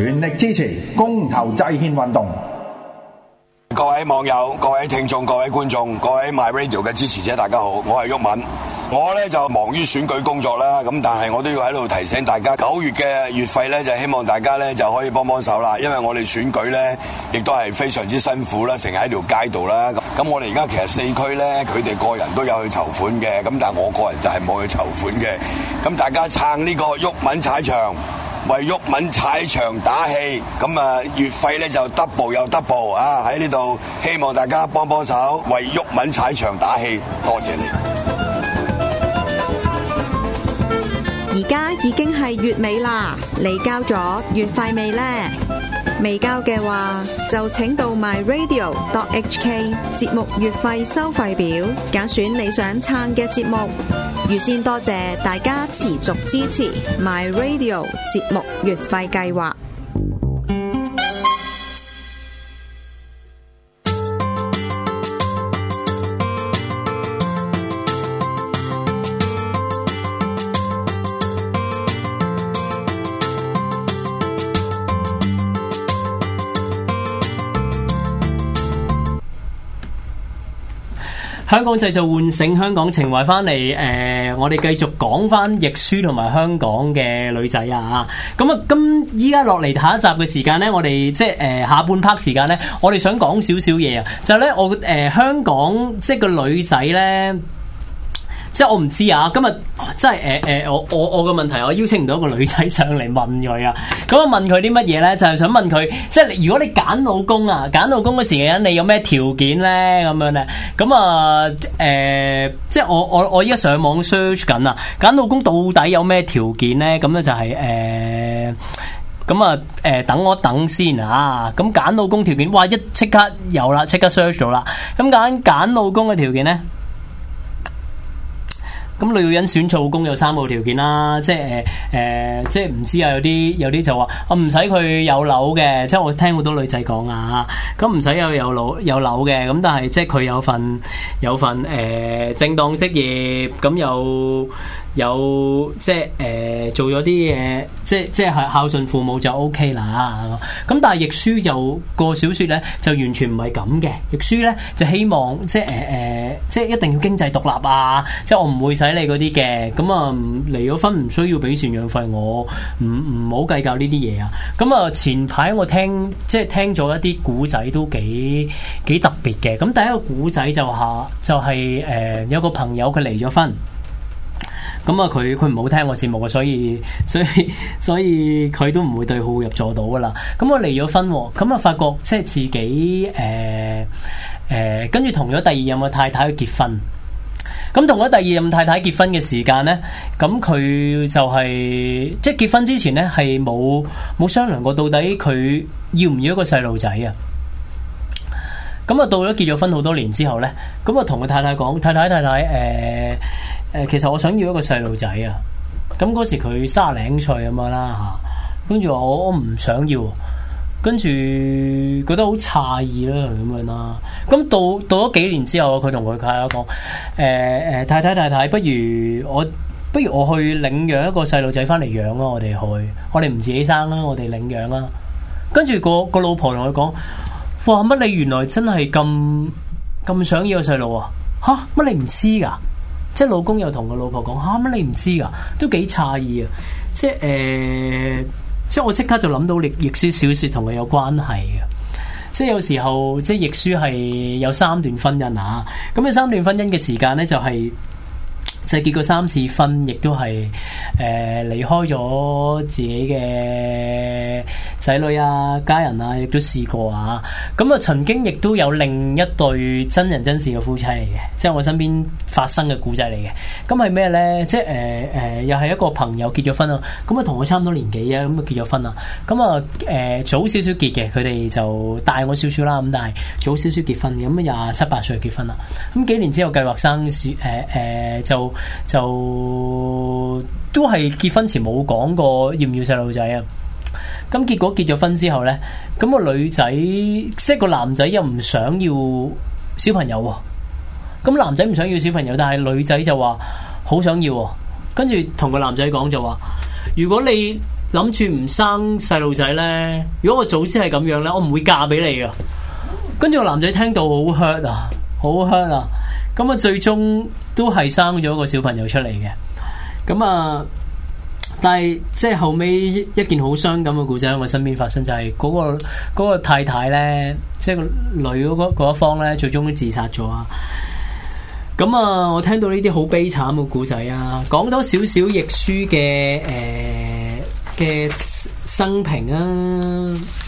全力支持公投制憲運動！各位網友、各位聽眾、各位觀眾、各位 My Radio 嘅支持者，大家好，我係毓民。我呢就忙於選舉工作啦，咁但係我都要喺度提醒大家，九月嘅月費呢，就希望大家呢就可以幫幫手啦，因為我哋選舉呢，亦都係非常之辛苦啦，成日喺條街度啦。咁，我哋而家其實四區呢，佢哋個人都有去籌款嘅，咁但係我個人就係冇去籌款嘅。咁大家撐呢個毓民踩場。為毓民踩場打氣，咁啊月費咧就 double 又 double 啊！喺呢度希望大家幫幫手，為毓民踩場打氣。多謝你。而家已經係月尾啦，你交咗月費未咧？未交嘅話，就請到 myradio.hk 節目月費收費表揀選你想撐嘅節目。預先多謝大家持續支持 My Radio 節目月費計劃。香港製造，喚醒香港情懷翻嚟，誒、呃，我哋繼續講返亦舒同埋香港嘅女仔啊！咁、嗯、啊，今依家落嚟下一集嘅時間咧，我哋即係誒、呃、下半 part 時間咧，我哋想講少少嘢啊，就咧、是、我誒、呃、香港即係個女仔咧。即係我唔知啊！今日即係誒誒，我我我嘅問題，我邀請唔到一個女仔上嚟問佢啊！咁、嗯、我問佢啲乜嘢咧？就係、是、想問佢，即係如果你揀老公啊，揀老公嗰時嘅人，你有咩條件咧？咁樣咧？咁啊誒，即係我我我依家上網 search 緊啊！揀老公到底有咩條件咧？咁咧就係、是、誒，咁啊誒，等我等先啊！咁、嗯、揀老公條件，哇一即刻有啦，即刻 search 到啦！咁揀揀老公嘅條件咧？咁女人選做工有三個條件啦，即係誒、呃、即係唔知啊，有啲有啲就話我唔使佢有樓嘅，即係我聽好多女仔講啊，咁唔使有有樓有樓嘅，咁但係即係佢有份有份誒、呃、正當職業，咁有。有即係誒、呃，做咗啲嘢，即即係孝順父母就 O、OK、K 啦。咁但係亦舒有個小說咧，就完全唔係咁嘅。亦舒咧就希望即係誒誒，即係、呃、一定要經濟獨立啊！即係我唔會使你嗰啲嘅。咁、嗯、啊，離咗婚唔需要俾贍養費，我唔唔好計較呢啲嘢啊。咁啊，前排我聽即係聽咗一啲古仔，都幾幾特別嘅。咁、嗯、第一個古仔就下、是、就係、是、誒、呃，有個朋友佢離咗婚。咁啊，佢佢唔好聽我節目嘅，所以所以所以佢都唔會對號入座到噶啦。咁我離咗婚，咁啊發覺即係自己誒誒、呃呃，跟住同咗第二任嘅太太去結婚。咁同咗第二任太太結婚嘅時間呢，咁佢就係、是、即係結婚之前呢，係冇冇商量過到底佢要唔要一個細路仔啊？咁啊，到咗結咗婚好多年之後呢，咁啊同佢太太講，太太太太，誒、呃、誒，其實我想要一個細路仔啊。咁嗰時佢三十零歲咁樣啦吓，跟住我我唔想要，跟住覺得好詫異啦咁樣啦。咁到到咗幾年之後，佢同佢太太講，誒、呃、誒，太太太太，不如我不如我去領養一個細路仔翻嚟養咯，我哋去，我哋唔自己生啦，我哋領養啦。跟住個個老婆同佢講。哇！乜你原來真係咁咁想要細路啊？吓、啊！乜你唔知噶、啊？即、就、係、是、老公又同個老婆講吓！乜、啊、你唔知噶、啊？都幾詫異啊！即係誒，即、呃、係、就是、我即刻就諗到亦亦舒小說同佢有關係嘅。即、就、係、是、有時候，即係亦舒係有三段婚姻啊。咁有三段婚姻嘅時間咧，就係、是、就是、結過三次婚，亦都係誒離開咗自己嘅。仔女啊，家人啊，亦都試過啊。咁、嗯、啊，曾經亦都有另一對真人真事嘅夫妻嚟嘅，即係我身邊發生嘅故仔嚟嘅。咁係咩咧？即係誒誒，又係一個朋友結咗婚啦。咁、嗯、啊，同我差唔多年紀啊，咁、嗯、啊結咗婚啦。咁啊誒早少少結嘅，佢哋就大我少少啦。咁、嗯、但係早少少結婚，咁啊廿七八歲結婚啦。咁、嗯、幾年之後計劃生誒誒、呃呃，就就都係結婚前冇講過要唔要細路仔啊。咁結果結咗婚之後呢，咁個女仔，即個男仔又唔想要小朋友喎。咁男仔唔想要小朋友，但係女仔就話好想要喎。跟住同個男仔講就話：如果你諗住唔生細路仔呢，如果我早知係咁樣呢，我唔會嫁俾你啊。跟住個男仔聽到好 hurt 啊，好 hurt 啊。咁啊，最終都係生咗個小朋友出嚟嘅。咁啊～但係即係後尾一件好傷感嘅故仔喺我身邊發生，就係嗰個嗰個太太咧，即係女嗰個嗰一方咧，最終都自殺咗啊！咁啊，我聽到呢啲好悲慘嘅故仔啊，講多少少亦舒嘅誒嘅生平啊。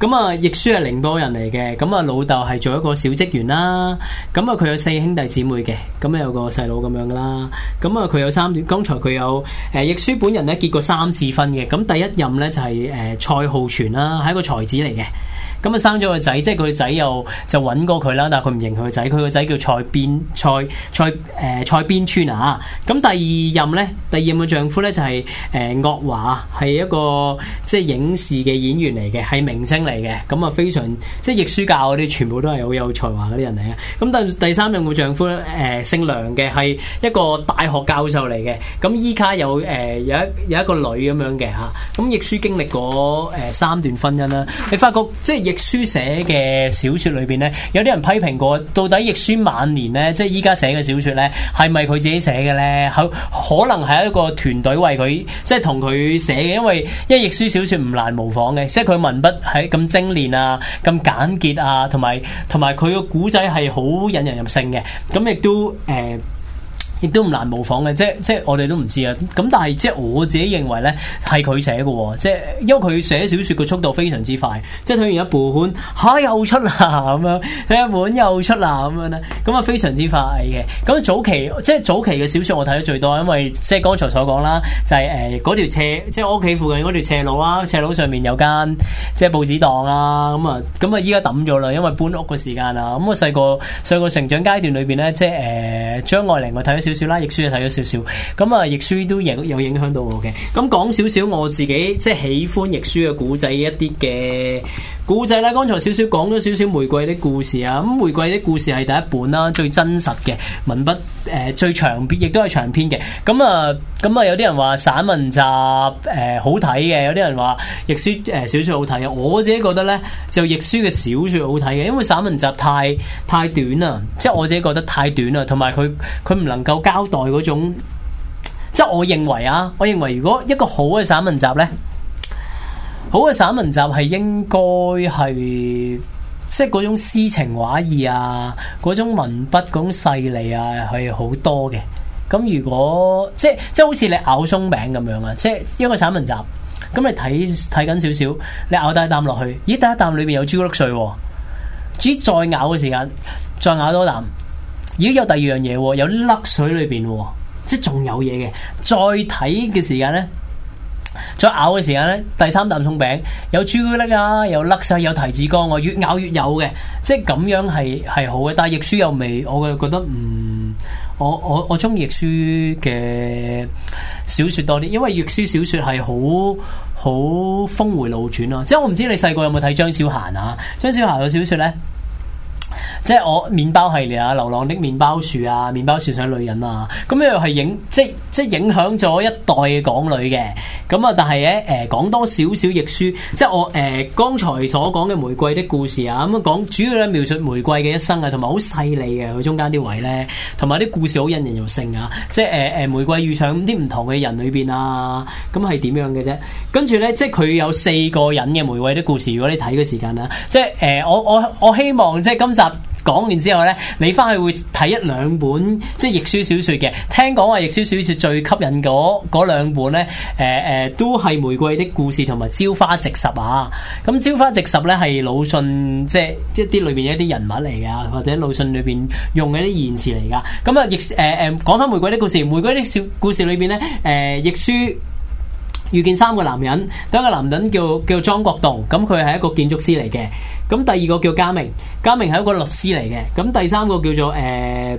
咁啊，亦舒係寧波人嚟嘅，咁啊老豆係做一個小職員啦。咁啊，佢有四兄弟姊妹嘅，咁啊有個細佬咁樣㗎啦。咁啊，佢有三，剛才佢有，誒、呃，亦舒本人咧結過三次婚嘅。咁第一任咧就係、是、誒、呃、蔡浩泉啦，係一個才子嚟嘅。咁啊生咗個仔，即係佢個仔又就揾過佢啦，但係佢唔認佢個仔，佢個仔叫蔡邊蔡蔡誒蔡邊村啊！咁第二任咧，第二任嘅丈夫咧就係、是、誒、呃、岳華，係一個即係、就是、影視嘅演員嚟嘅，係明星嚟嘅，咁啊非常即係亦舒教嗰啲全部都係好有才華嗰啲人嚟嘅。咁、啊、但第三任嘅丈夫咧誒、呃、姓梁嘅，係一個大學教授嚟嘅，咁依家有誒、呃、有一有一個女咁樣嘅吓。咁、啊、亦、啊、舒經歷過誒、呃、三段婚姻啦，你、啊、發覺即係。亦舒寫嘅小說裏邊咧，有啲人批評過，到底亦舒晚年咧，即係依家寫嘅小說咧，係咪佢自己寫嘅咧？可可能係一個團隊為佢，即係同佢寫嘅，因為因為亦舒小說唔難模仿嘅，即係佢文筆係咁精煉啊、咁簡潔啊，同埋同埋佢個古仔係好引人入勝嘅，咁亦都誒。呃亦都唔難模仿嘅，即係即係我哋都唔知啊。咁但係即係我自己認為咧，係佢寫嘅，即係因為佢寫小説嘅速度非常之快，即係睇完一部本吓、啊、又出啦咁樣，睇、啊、一本又出啦咁樣咧，咁啊非常之快嘅。咁早期即係早期嘅小説我睇得最多，因為即係剛才所講啦，就係誒嗰條斜，即係我屋企附近嗰條斜路啦，斜路上面有間即係報紙檔啦，咁啊咁啊依家抌咗啦，因為搬屋嘅時間啊。咁我細個細個成長階段裏邊咧，即係誒、呃、張愛玲我睇啲少少啦，亦舒又睇咗少少，咁啊，亦舒都影有影響到我嘅。咁講少少我自己，即係喜歡亦舒嘅古仔一啲嘅。故仔咧，剛才少少講咗少少玫瑰的故事啊，咁玫瑰的故事係第一本啦，最真實嘅文筆誒、呃，最長篇，亦都係長篇嘅。咁啊，咁啊，有啲人話散文集誒、呃、好睇嘅，有啲人話亦舒誒、呃、小説好睇嘅。我自己覺得咧，就亦舒嘅小説好睇嘅，因為散文集太太短啦，即係我自己覺得太短啦，同埋佢佢唔能夠交代嗰種，即係我認為啊，我認為如果一個好嘅散文集咧。好嘅散文集係應該係即係嗰種詩情畫意啊，嗰種文筆，嗰種細膩啊，係好多嘅。咁如果即係即係好似你咬鬆餅咁樣啊，即係一個散文集，咁你睇睇緊少少，你咬第一啖落去，咦，第一啖裏面有朱古力碎喎、啊，至於再咬嘅時間，再咬多啖，咦，有第二樣嘢喎、啊，有粒水裏邊喎、啊，即係仲有嘢嘅。再睇嘅時間咧。再咬嘅時間呢，第三啖鬆餅有朱古力啊，有甩晒、啊，有提子乾，我越咬越有嘅，即係咁樣係係好嘅。但係亦舒又未，我就覺得唔、嗯，我我我中意亦舒嘅小說多啲，因為亦舒小說係好好峰回路轉咯、啊。即係我唔知你細個有冇睇張小嫻啊？張小嫻嘅小說呢？即係我麵包系列啊，流浪的麵包樹啊，麵包樹上女人啊，咁又係影即即影響咗一代嘅港女嘅。咁啊，但係咧誒，講、呃、多少少亦舒，即係我誒剛、呃、才所講嘅《玫瑰的故事》啊，咁講主要咧描述玫瑰嘅一生啊，同埋好細膩嘅佢中間啲位咧，同埋啲故事好引人入勝啊。即係誒誒，玫瑰遇上啲唔同嘅人裏邊啊，咁係點樣嘅啫？跟住咧，即係佢有四個人嘅玫瑰的故事。如果你睇嘅時間啊，即係誒、呃，我我我希望即係今集。講完之後呢，你翻去會睇一兩本即係亦舒小説嘅。聽講話亦舒小説最吸引嗰兩本呢，誒、呃、誒都係《玫瑰的故事》同埋《朝花夕拾》啊。咁《朝花夕拾》呢係魯迅即係一啲裏邊一啲人物嚟㗎，或者魯迅裏邊用嘅一啲言詞嚟㗎。咁啊亦誒誒講翻《玫瑰的故事》呃，《玫瑰的故事》裏邊呢，《誒亦舒。遇見三個男人，第一個男人叫叫莊國棟，咁佢係一個建築師嚟嘅。咁第二個叫家明，家明係一個律師嚟嘅。咁第三個叫做誒誒、呃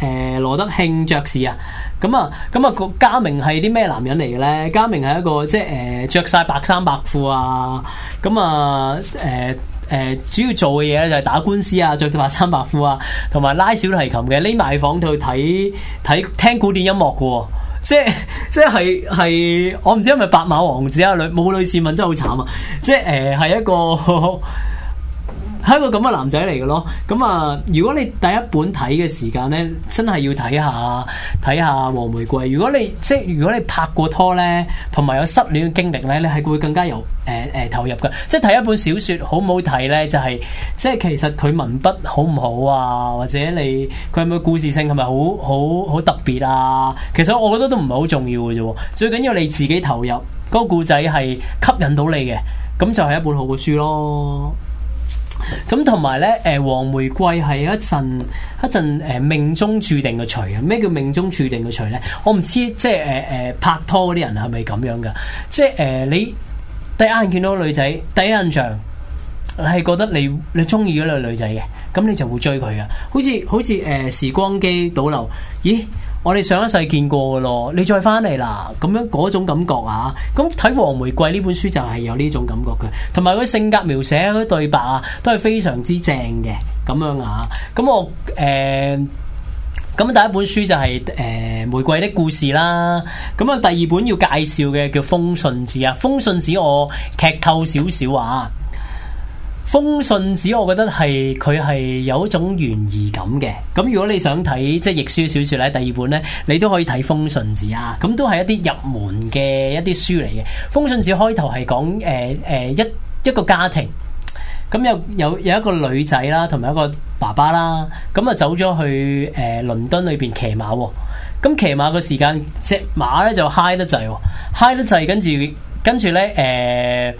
呃、羅德慶爵士啊。咁啊，咁啊個家明係啲咩男人嚟嘅咧？家明係一個即係誒著曬白衫白褲啊。咁啊誒誒、呃呃、主要做嘅嘢咧就係打官司啊，着白衫白褲啊，同埋拉小提琴嘅，匿埋喺房度睇睇聽古典音樂嘅喎、啊。即即係係，我唔知係咪白馬王子啊女母女市民真係好慘啊！即係誒，係、呃、一個。 一個咁嘅男仔嚟嘅咯，咁啊，如果你第一本睇嘅時間呢，真係要睇下睇下《黃玫瑰》。如果你即係如果你拍過拖呢，同埋有失戀嘅經歷呢，你係會更加有誒誒投入噶。即係睇一本小說好唔好睇呢？就係即係其實佢文筆好唔好啊，或者你佢係咪故事性係咪好好好特別啊？其實我覺得都唔係好重要嘅啫，最緊要你自己投入，嗰個故仔係吸引到你嘅，咁就係一本好嘅書咯。咁同埋咧，誒，黃玫瑰係一陣一陣誒命中注定嘅除啊！咩叫命中注定嘅除咧？我唔知，即係誒誒拍拖嗰啲人係咪咁樣噶？即係誒、呃、你第一眼見到女仔第一印象係覺得你你中意嗰個女仔嘅，咁你就會追佢噶，好似好似誒、呃、時光機倒流，咦？我哋上一世見過嘅咯，你再翻嚟啦，咁樣嗰種感覺啊，咁睇《黃玫瑰》呢本書就係有呢種感覺嘅，同埋佢性格描寫、佢對白啊，都係非常之正嘅，咁樣啊，咁我誒咁、欸、第一本書就係、是、誒、欸《玫瑰的故事》啦，咁啊第二本要介紹嘅叫《風信子》啊，《風信子》我劇透少少啊。《風信子》我覺得係佢係有一種懸疑感嘅，咁如果你想睇即係亦舒小說咧，第二本咧，你都可以睇《風信子》啊，咁都係一啲入門嘅一啲書嚟嘅。《風信子講》開頭係講誒誒一一個家庭，咁、嗯、有有有一個女仔啦，同埋一個爸爸啦，咁啊、嗯、就走咗去誒倫、呃、敦裏邊騎馬喎，咁、哦、騎馬個時間隻馬咧就嗨得滯喎 high 得滯，跟住跟住咧誒。呃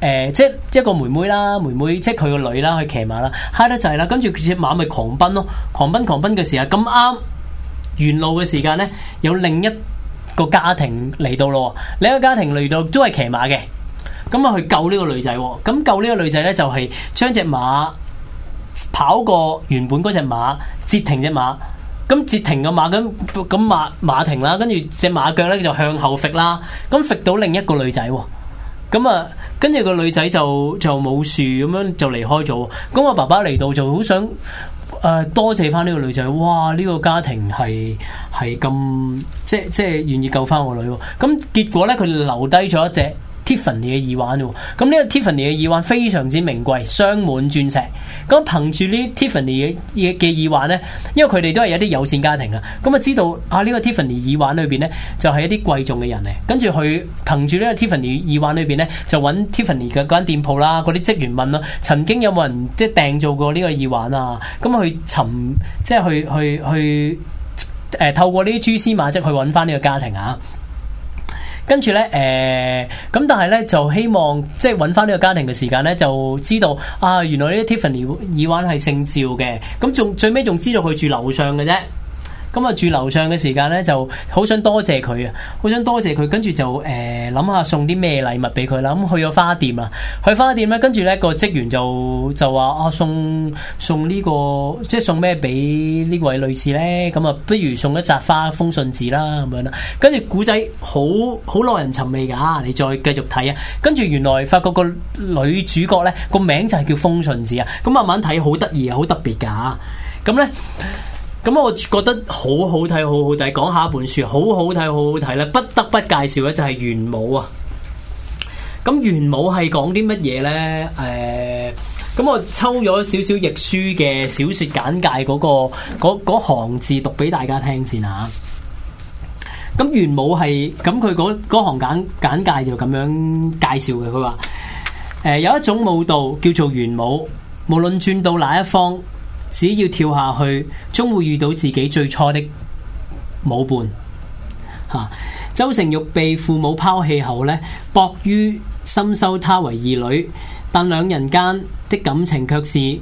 誒、呃，即係一個妹妹啦，妹妹即係佢個女啦，去騎馬啦 high 得滯啦，跟住隻馬咪狂奔咯，狂奔狂奔嘅時候咁啱，沿路嘅時間呢，有另一個家庭嚟到咯，另一個家庭嚟到都係騎馬嘅，咁啊去救呢個女仔，咁救呢個女仔呢，就係將隻馬跑過原本嗰隻馬，截停隻馬，咁截停個馬咁咁馬馬停啦，跟住隻馬腳呢，就向後甩啦，咁甩到另一個女仔。咁啊，跟住、嗯、個女仔就就冇樹咁樣就離開咗。咁、嗯、我爸爸嚟到就好想誒、呃，多謝翻呢個女仔。哇！呢、這個家庭係係咁即即係願意救翻我女。咁、嗯、結果咧，佢留低咗一隻。Tiffany 嘅耳環咯，咁、這、呢個 Tiffany 嘅耳環非常之名貴，鑲滿鑽石。咁憑住呢 Tiffany 嘅嘅耳環呢，因為佢哋都係一啲有錢家庭就啊，咁啊知道啊呢個 Tiffany 耳環裏邊呢，就係一啲貴重嘅人嚟，跟住佢憑住呢個 Tiffany 耳環裏邊呢，就揾 Tiffany 嘅間店鋪啦，嗰啲職員問咯，曾經有冇人即係訂做過呢個耳環啊？咁去尋即係去去去誒、呃，透過呢啲蛛絲馬跡去揾翻呢個家庭啊！跟住咧，誒、呃，咁但係咧就希望即係揾翻呢個家庭嘅時間咧，就知道啊，原來呢啲 Tiffany 耳環係姓趙嘅，咁仲最尾仲知道佢住樓上嘅啫。咁啊住樓上嘅時間咧，就好想多謝佢啊，好想多謝佢。跟住就誒諗下送啲咩禮物俾佢啦。咁去咗花店啊，去花店咧，跟住咧個職員就就話啊送送呢個即係送咩俾呢位女士咧？咁啊，這個、不如送一扎花，風信子啦咁樣啦。跟住古仔好好耐人尋味㗎，你再繼續睇啊。跟住原來發覺個女主角咧個名就係叫風信子啊。咁慢慢睇好得意啊，好特別㗎。咁咧。咁我覺得好好睇，好好睇。講下一本書，好好睇，好好睇咧，不得不介紹嘅就係《玄武》啊。咁《玄武》係講啲乜嘢咧？誒，咁我抽咗少少亦舒嘅小説簡介嗰個嗰嗰行字讀俾大家聽先吓。咁《玄武》係咁佢嗰嗰行簡簡介就咁樣介紹嘅。佢話誒有一種舞蹈叫做《玄武》，無論轉到哪一方，只要跳下去，終會遇到自己最初的舞伴。嚇、啊，周成玉被父母拋棄後呢，博於深收她為義女，但兩人間的感情卻是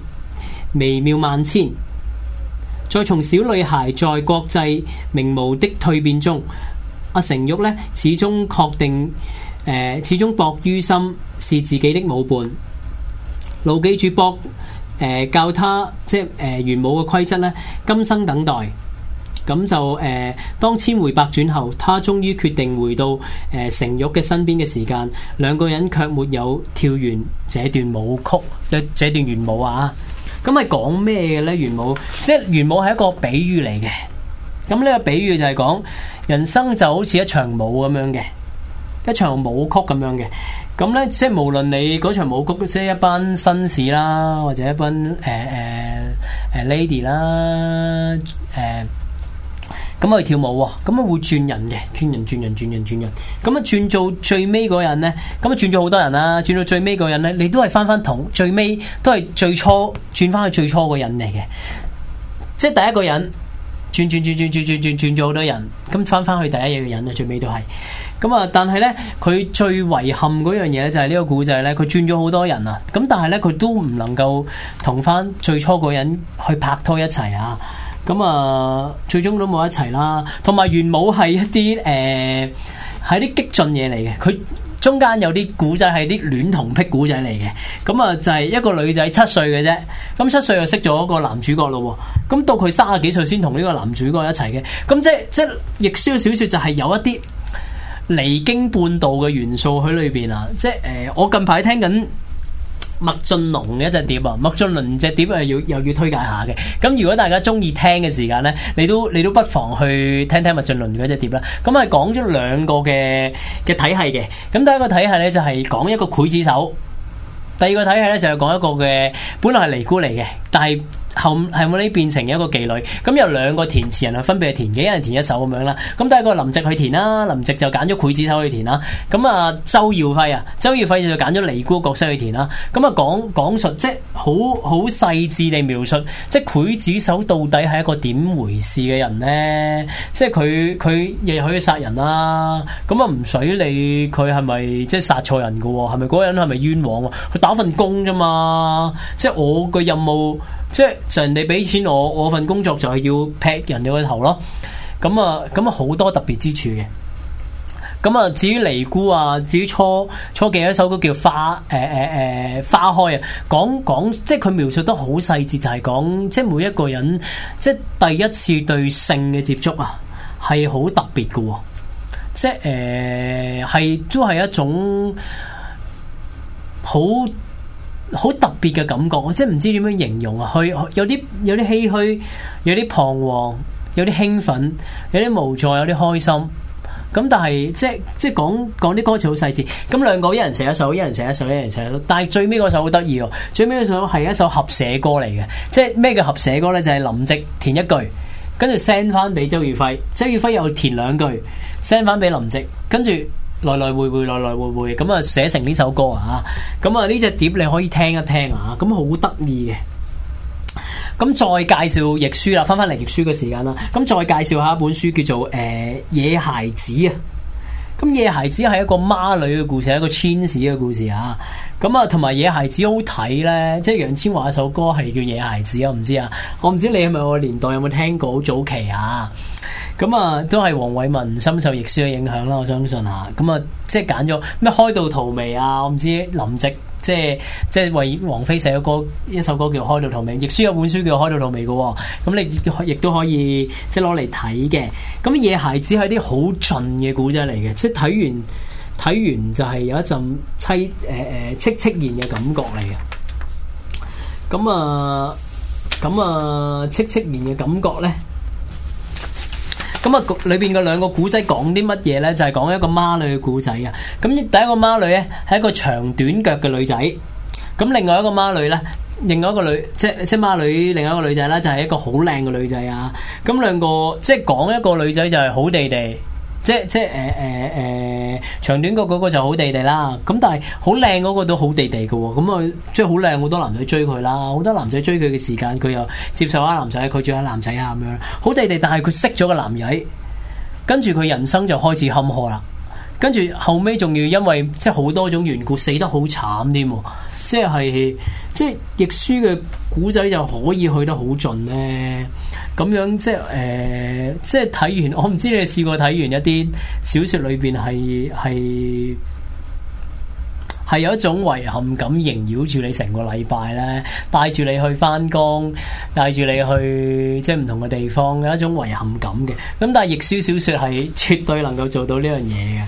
微妙萬千。再從小女孩在國際名模的蛻變中，阿、啊、成玉呢，始終確定，呃、始終博於心是自己的舞伴。老記住博。誒，教他即係誒，圓舞嘅規則咧，今生等待，咁就誒，當千回百轉後，他終於決定回到誒成玉嘅身邊嘅時間，兩個人卻沒有跳完這段舞曲，呢這段圓舞啊，咁係講咩嘅咧？圓舞，即係圓舞係一個比喻嚟嘅，咁呢個比喻就係講人生就好似一場舞咁樣嘅，一場舞曲咁樣嘅。咁咧，即係無論你嗰場舞曲，即係一班紳士啦，或者一班誒誒誒 lady 啦，誒、欸欸，咁去、啊、跳舞喎，咁啊會轉人嘅，轉人轉人轉人轉人，咁啊轉到最尾嗰人咧，咁啊轉咗好多人啦，轉到最尾嗰人咧，你都係翻翻同最尾，都係最初轉翻去最初嗰人嚟嘅，即係第一個人。轉轉轉轉轉轉轉轉咗好多人，咁翻翻去第一樣人啊，最尾都係，咁啊，但係咧，佢最遺憾嗰樣嘢咧，就係呢個古仔咧，佢轉咗好多人啊，咁但係咧，佢都唔能夠同翻最初嗰人去拍拖一齊啊，咁啊，最終都冇一齊啦，同埋元武係一啲誒，係、呃、啲激進嘢嚟嘅，佢。中間有啲古仔係啲戀童癖古仔嚟嘅，咁啊就係一個女仔七歲嘅啫，咁七歲就識咗個男主角咯，咁到佢三十幾歲先同呢個男主角一齊嘅，咁即係即係亦舒小，小說就係有一啲離經叛道嘅元素喺裏邊啊，即係誒、呃，我近排聽緊。麥浚龍嘅一隻碟啊，麥浚龍隻碟係要又要推介下嘅。咁如果大家中意聽嘅時間咧，你都你都不妨去聽聽麥浚龍嗰隻碟啦。咁係講咗兩個嘅嘅體系嘅。咁第一個體系咧就係講一個劊子手，第二個體系咧就係講一個嘅本來係尼姑嚟嘅，但係。後係冇你變成一個妓女，咁有兩個填詞人去分別填，一人填一首咁樣啦。咁第二個林夕去填啦，林夕就揀咗劊子手去填啦。咁啊，周耀輝啊，周耀輝就揀咗尼姑角色去填啦。咁啊，講講述即係好好細致地描述，即係劊子手到底係一個點回事嘅人咧。即係佢佢亦可以殺人啦。咁啊，唔使理，佢係咪即係殺錯人噶？係咪嗰個人係咪冤枉？佢打份工咋嘛？即係我個任務。即係人哋俾錢我，我份工作就係要劈人哋個頭咯。咁啊，咁啊好多特別之處嘅。咁啊，至於尼姑啊，至於初初嘅一首歌叫花，誒誒誒，花開啊，講講，即係佢描述得好細節，就係、是、講即係每一個人即係第一次對性嘅接觸啊，係好特別嘅喎，啊。即係誒、係、呃、都係一種好。好特別嘅感覺，我真係唔知點樣形容啊！去有啲有啲唏噓，有啲彷徨，有啲興奮，有啲無助，有啲開心。咁但係即係即係講講啲歌詞好細緻。咁兩個一人寫一首，一人寫一首，一人寫一首。但係最尾嗰首好得意哦！最尾嗰首係一首合寫歌嚟嘅，即係咩叫合寫歌呢？就係林夕填一句，跟住 send 翻俾周月輝，周月輝又填兩句，send 翻俾林夕，跟住。來來回回，來來回回咁啊，寫成呢首歌啊，咁啊呢隻碟你可以聽一聽啊，咁好得意嘅。咁、啊、再介紹亦舒啦，翻翻嚟亦舒嘅時間啦。咁、啊、再介紹下一本書，叫做《誒、呃、野孩子》啊。咁《啊啊啊、野、孩野孩子》係一個孖女嘅故事，一個天使嘅故事啊。咁啊，同埋《野孩子》好睇咧，即係楊千嬅一首歌係叫《野孩子》，啊，唔知啊，我唔知你係咪我年代有冇聽過，好早期啊。咁啊，都係黃偉文深受亦舒嘅影響啦，我相信吓。咁啊，即係揀咗咩開到荼蘼啊？我唔知林夕即係即係為王菲寫嘅歌，一首歌叫《開到荼蘼》。亦舒有本書叫《開到荼蘼》嘅，咁你亦都可以即係攞嚟睇嘅。咁嘢係只係啲好盡嘅古仔嚟嘅，即係睇完睇完就係有一陣淒誒誒戚戚然嘅感覺嚟嘅。咁啊咁啊戚戚然嘅感覺咧？淒淒咁啊，裏邊嘅兩個古仔講啲乜嘢呢？就係講一個孖女嘅古仔啊。咁第一個孖女呢，係一個長短腳嘅女仔。咁另外一個孖女呢，另外一個女，即即孖女，另外一個女仔呢，就係一個好靚嘅女仔啊。咁兩個，即係講一個女仔就係好地地。即即誒誒誒長短角嗰個就好地地啦，咁但係好靚嗰個都好地地嘅喎，咁、嗯、啊即係好靚好多男仔追佢啦，好多男仔追佢嘅時間，佢又接受下男仔，佢追下男仔啊咁樣，好地地，但係佢識咗個男仔，跟住佢人生就開始坎坷啦，跟住後尾仲要因為即係好多種緣故死得好慘添，即係即係亦舒嘅古仔就可以去得好盡咧。咁樣即係誒，即係睇、呃、完，我唔知你試過睇完一啲小說裏邊係係係有一種遺憾感縈繞住你成個禮拜咧，帶住你去翻工，帶住你去即係唔同嘅地方有一種遺憾感嘅。咁但係亦舒小說係絕對能夠做到呢樣嘢嘅。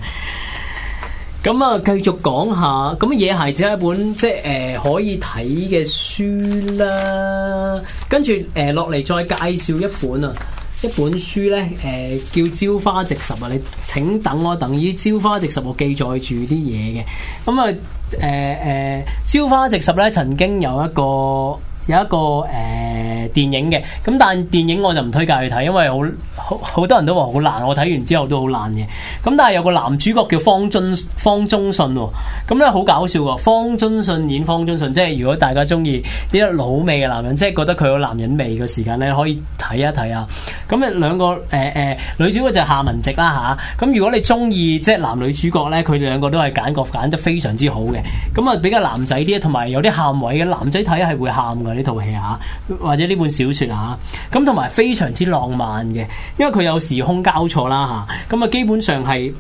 咁啊，繼續講下，咁《野孩子》只係一本即係誒、呃、可以睇嘅書啦。跟住誒落嚟再介紹一本啊，一本書咧誒、呃、叫《朝花夕拾》啊。你請等我等，依《朝花夕拾》我記載住啲嘢嘅。咁啊誒誒，呃《朝花夕拾》咧曾經有一個。有一個誒、呃、電影嘅，咁但係電影我就唔推介去睇，因為好好好多人都話好難，我睇完之後都好難嘅。咁但係有個男主角叫方俊方中信，咁咧、哦嗯、好搞笑噶，方中信演方中信，即係如果大家中意啲老味嘅男人，即係覺得佢有男人味嘅時間咧，可以睇一睇啊。咁、嗯、啊，兩個誒誒、呃呃、女主角就係夏文汐啦吓。咁、啊嗯、如果你中意即係男女主角咧，佢哋兩個都係揀角揀得非常之好嘅。咁啊，比較男仔啲，同埋有啲喊位嘅男仔睇係會喊嘅。呢套戲啊，或者呢本小說啊，咁同埋非常之浪漫嘅，因為佢有時空交錯啦吓，咁啊基本上係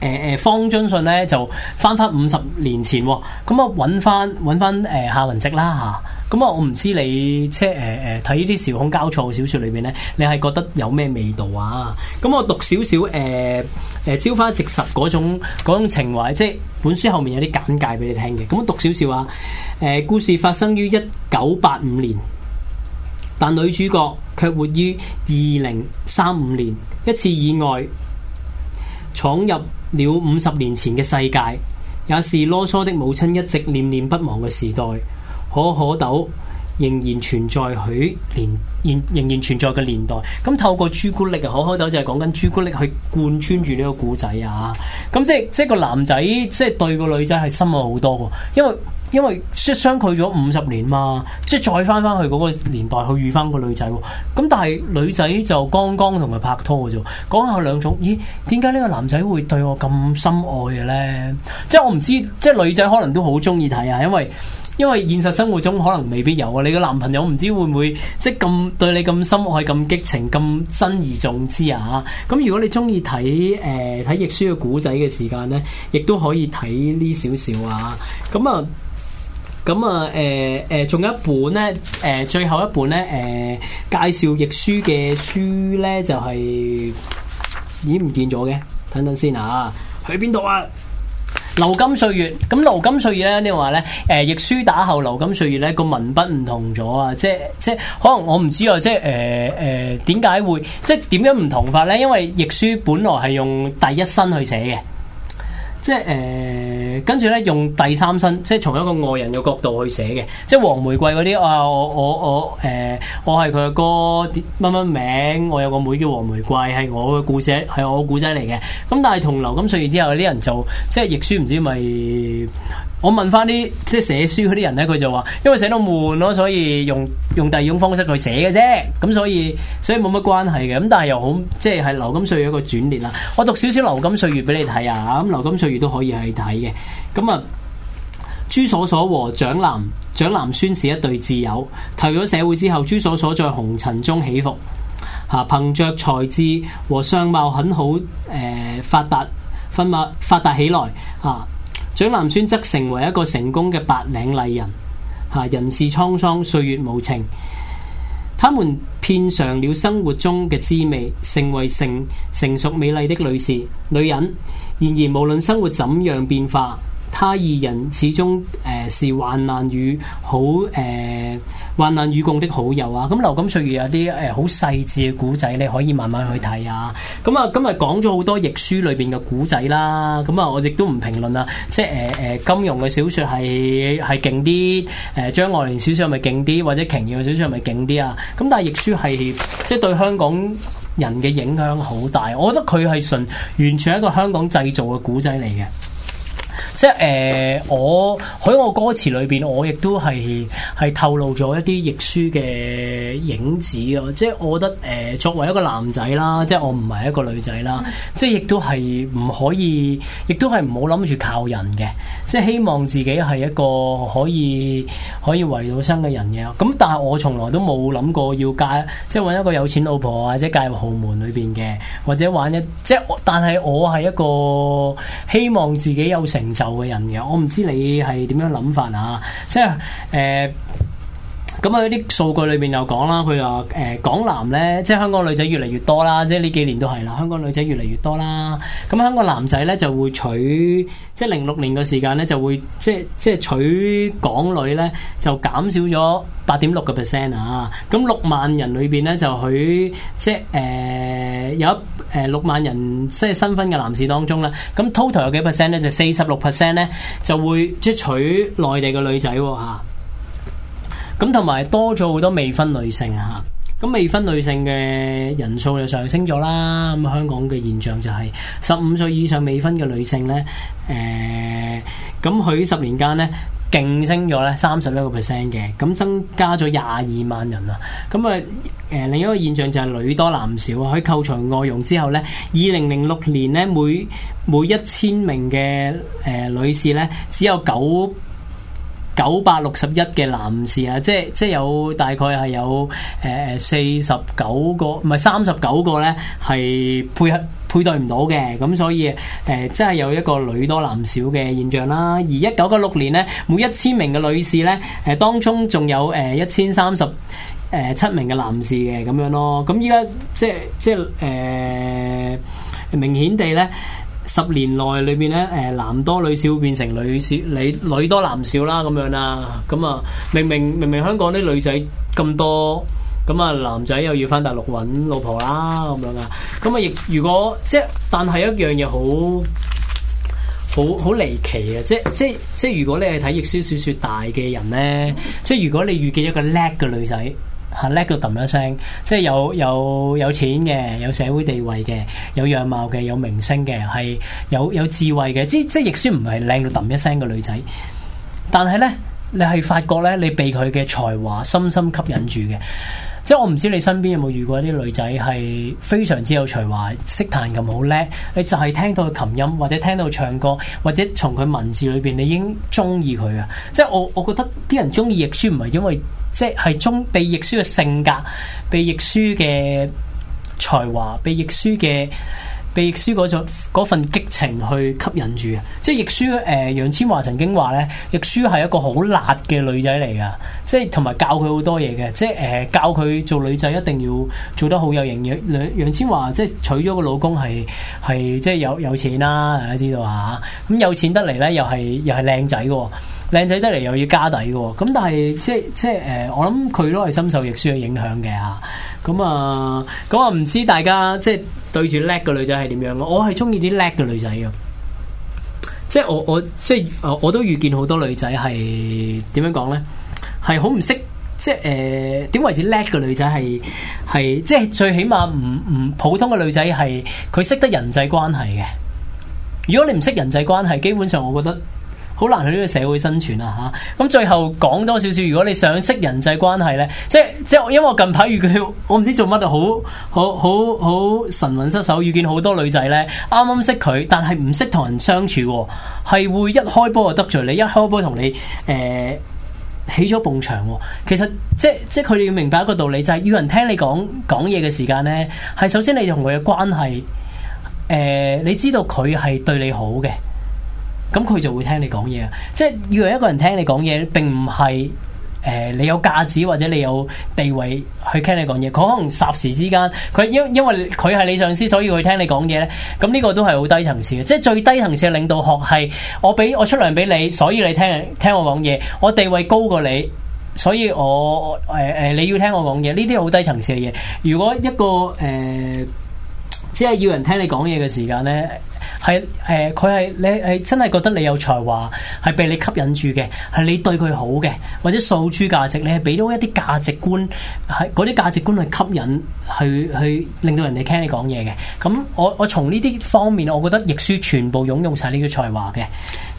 誒誒方中信咧就翻翻五十年前，咁啊揾翻揾翻誒夏云汐啦吓。咁啊、嗯，我唔知你即係誒睇呢啲時空交錯嘅小説裏面呢，你係覺得有咩味道啊？咁、嗯、我讀少少誒誒《朝花夕拾》嗰種嗰種情懷，即係本書後面有啲簡介俾你聽嘅。咁、嗯、我讀少少啊，誒、呃、故事發生於一九八五年，但女主角卻活於二零三五年。一次意外闖入了五十年前嘅世界，也是囉嗦的母親一直念念不忘嘅時代。可可豆仍然存在，佢年仍仍然存在嘅年代。咁透過朱古力啊，可可豆就係講緊朱古力去貫穿住呢個古仔啊。咁即係即係個男仔，即係對個女仔係深愛好多嘅。因為因為即係相距咗五十年嘛，即係再翻翻去嗰個年代去遇翻個女仔。咁、嗯、但係女仔就剛剛同佢拍拖嘅啫。講下兩種，咦？點解呢個男仔會對我咁深愛嘅咧？即係我唔知，即係女仔可能都好中意睇啊，因為。因為現實生活中可能未必有啊，你個男朋友唔知會唔會即咁對你咁深愛、咁激情、咁珍而重之啊？咁如果你中意睇誒睇亦舒嘅古仔嘅時間呢，亦都可以睇呢少少啊。咁啊，咁、呃、啊，誒、呃、誒，仲有一本呢，誒、呃、最後一本呢，誒、呃、介紹亦舒嘅書呢，就係已經唔見咗嘅，等等先啊，去邊度啊？流金歲月，咁流金歲月咧，你人話咧，誒，亦舒打後流金歲月咧，個文筆唔同咗啊！即即可能我唔知啊，即誒誒點解會，即點樣唔同法咧？因為亦舒本來係用第一身去寫嘅。即係誒，跟住咧用第三身，即係從一個外人嘅角度去寫嘅，即係黃玫瑰嗰啲啊，我我我誒，我係佢嘅哥，乜乜名？我有個妹，妹叫黃玫瑰，係我嘅故事，係我故仔嚟嘅。咁但係同《流金歲月》之後，有啲人做即係亦舒、就是，唔知咪我問翻啲即係寫書嗰啲人咧，佢就話，因為寫到悶咯，所以用用第二種方式去寫嘅啫。咁所以所以冇乜關係嘅。咁但係又好，即係《流金歲月》一個轉捩啦。我讀少少，少《流金歲月》俾你睇啊！咁《流金歲月》。都可以去睇嘅，咁啊，朱鎖鎖和蔣南、蔣南孫是一對摯友。退咗社會之後，朱鎖鎖在紅塵中起伏，吓，憑着才智和相貌很好，誒、呃，發達、分發、發達起來，吓、啊，蔣南孫則成為一個成功嘅白領麗人，吓、啊，人事滄桑，歲月無情，他們品嘗了生活中嘅滋味，成為成成熟美麗的女士、女人。然而，無論生活怎樣變化，他二人始終誒、呃、是患難與好誒、呃、患難與共的好友啊！咁《流金歲月》有啲誒好細緻嘅古仔，你可以慢慢去睇啊！咁啊，咁啊，講咗好多亦舒裏邊嘅古仔啦。咁啊，我亦都唔評論啦。即係誒誒金庸嘅小説，係係勁啲，誒、啊、張愛玲小説係咪勁啲，或者瓊瑤嘅小説係咪勁啲啊？咁但係亦舒係即係對香港。人嘅影響好大，我覺得佢係純完全係一個香港製造嘅古仔嚟嘅。即係誒、呃、我喺我歌詞裏邊，我亦都係係透露咗一啲亦舒嘅影子啊！即係我覺得誒、呃、作為一個男仔啦，即係我唔係一個女仔啦，即係亦都係唔可以，亦都係唔好諗住靠人嘅。即係希望自己係一個可以可以維到生嘅人嘅。咁但係我從來都冇諗過要嫁，即係揾一個有錢老婆或者嫁入豪門裏邊嘅，或者玩一即係但係我係一個希望自己有成就。嘅人嘅，我唔知你係點樣諗法啊，即係誒。 咁佢啲數據裏面又講啦，佢話誒港男咧，即係香港女仔越嚟越多啦，即係呢幾年都係啦，香港女仔越嚟越多啦。咁香港男仔咧就會娶，即係零六年嘅時間咧就會即係即係娶港女咧就減少咗八點六個 percent 啊。咁六萬人裏邊咧就佢即係誒、呃、有一六萬人即係新婚嘅男士當中啦。咁 total 有幾 percent 咧就四十六 percent 咧就會即係娶內地嘅女仔喎、嚇。咁同埋多咗好多未婚女性啊！咁未婚女性嘅人數就上升咗啦。咁香港嘅現象就係十五歲以上未婚嘅女性咧，誒、呃，咁佢十年間咧，勁升咗咧三十一個 percent 嘅，咁增加咗廿二萬人啊。咁、呃、啊，誒另一個現象就係女多男少。啊。佢扣除外傭之後咧，二零零六年咧，每每一千名嘅誒女士咧，只有九九百六十一嘅男士啊，即係即係有大概係有誒四十九個，唔係三十九個咧，係配合配對唔到嘅，咁所以誒、呃、真係有一個女多男少嘅現象啦。而一九九六年呢，每一千名嘅女士呢，誒、呃、當中仲有誒一千三十誒七名嘅男士嘅咁樣咯。咁依家即係即係誒、呃、明顯地呢。十年內裏面咧，誒男多女少變成女少，你女多男少啦咁樣啦，咁啊明明明明香港啲女仔咁多，咁啊男仔又要翻大陸揾老婆啦咁樣啊，咁啊亦如果即係，但係一樣嘢好好好離奇啊。即即即如果你係睇亦舒小說大嘅人咧，即如果你遇見一個叻嘅女仔，吓叻到揼一聲，即係有有有錢嘅，有社會地位嘅，有樣貌嘅，有明星嘅，係有有智慧嘅。即即亦算唔係靚到揼一聲嘅女仔，但係咧，你係發覺咧，你被佢嘅才華深深吸引住嘅。即係我唔知你身邊有冇遇過啲女仔係非常之有才華、識彈琴好叻，你就係聽到佢琴音，或者聽到唱歌，或者從佢文字裏邊，你已經中意佢啊！即係我，我覺得啲人中意亦舒唔係因為即係中被亦舒嘅性格、被亦舒嘅才華、被亦舒嘅。被亦舒嗰份激情去吸引住啊！即係亦舒誒，楊千嬅曾經話咧，亦舒係一個好辣嘅女仔嚟噶，即係同埋教佢好多嘢嘅，即係誒、呃、教佢做女仔一定要做得好有型嘅、呃。楊千嬅即係娶咗個老公係係即係有有錢啦、啊，大家知道啊咁、嗯、有錢得嚟咧，又係又係靚仔嘅、哦。靚仔得嚟又要加底嘅，咁但係即係即係誒、呃，我諗佢都係深受亦舒嘅影響嘅吓，咁、嗯、啊，咁、嗯、啊，唔、嗯、知大家即係對住叻嘅女仔係點樣咯？我係中意啲叻嘅女仔嘅，即係我我即係、呃、我都遇見好多女仔係點樣講咧，係好唔識，即係誒，點、呃、為之叻嘅女仔係係即係最起碼唔唔普通嘅女仔係佢識得人際關係嘅。如果你唔識人際關係，基本上我覺得。好難去呢個社會生存啊！吓、啊、咁，最後講多少少，如果你想識人際關係呢？即係即係，因為我近排遇佢，我唔知做乜都好好好,好神魂失守，遇見好多女仔呢，啱啱識佢，但係唔識同人相處、啊，係會一開波就得罪你，一開波同你誒、呃、起咗埲牆。其實即係即係，佢哋要明白一個道理，就係、是、要人聽你講講嘢嘅時間呢，係首先你同佢嘅關係，誒、呃，你知道佢係對你好嘅。咁佢就會聽你講嘢啊！即係要一個人聽你講嘢，並唔係誒，你有價值，或者你有地位去聽你講嘢。佢可能霎時之間，佢因因為佢係你上司，所以佢聽你講嘢咧。咁呢個都係好低層次嘅，即係最低層次嘅領導學係我俾我出糧俾你，所以你聽聽我講嘢。我地位高過你，所以我誒誒、呃、你要聽我講嘢。呢啲好低層次嘅嘢。如果一個誒、呃，即係要人聽你講嘢嘅時間呢。係誒，佢係、呃、你係真係覺得你有才華，係被你吸引住嘅，係你對佢好嘅，或者訴諸價值，你係俾到一啲價值觀，係嗰啲價值觀去吸引去，去去令到人哋聽你講嘢嘅。咁、嗯、我我從呢啲方面，我覺得亦舒全部擁用晒呢啲才華嘅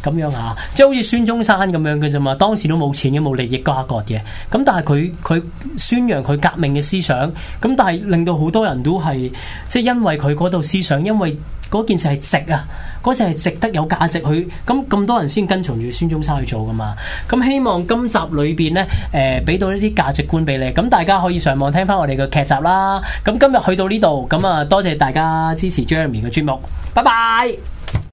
咁樣吓，即係好似孫中山咁樣嘅啫嘛。當時都冇錢嘅，冇利益瓜葛嘅。咁但係佢佢宣揚佢革命嘅思想，咁但係令到好多人都係即係因為佢嗰度思想，因為。嗰件事係值啊！嗰件事係值得有價值去，咁咁多人先跟從住孫中山去做噶嘛？咁希望今集裏邊呢，誒、呃、俾到一啲價值觀俾你。咁大家可以上網聽翻我哋嘅劇集啦。咁今日去到呢度，咁啊多謝大家支持 Jeremy 嘅節目，拜拜。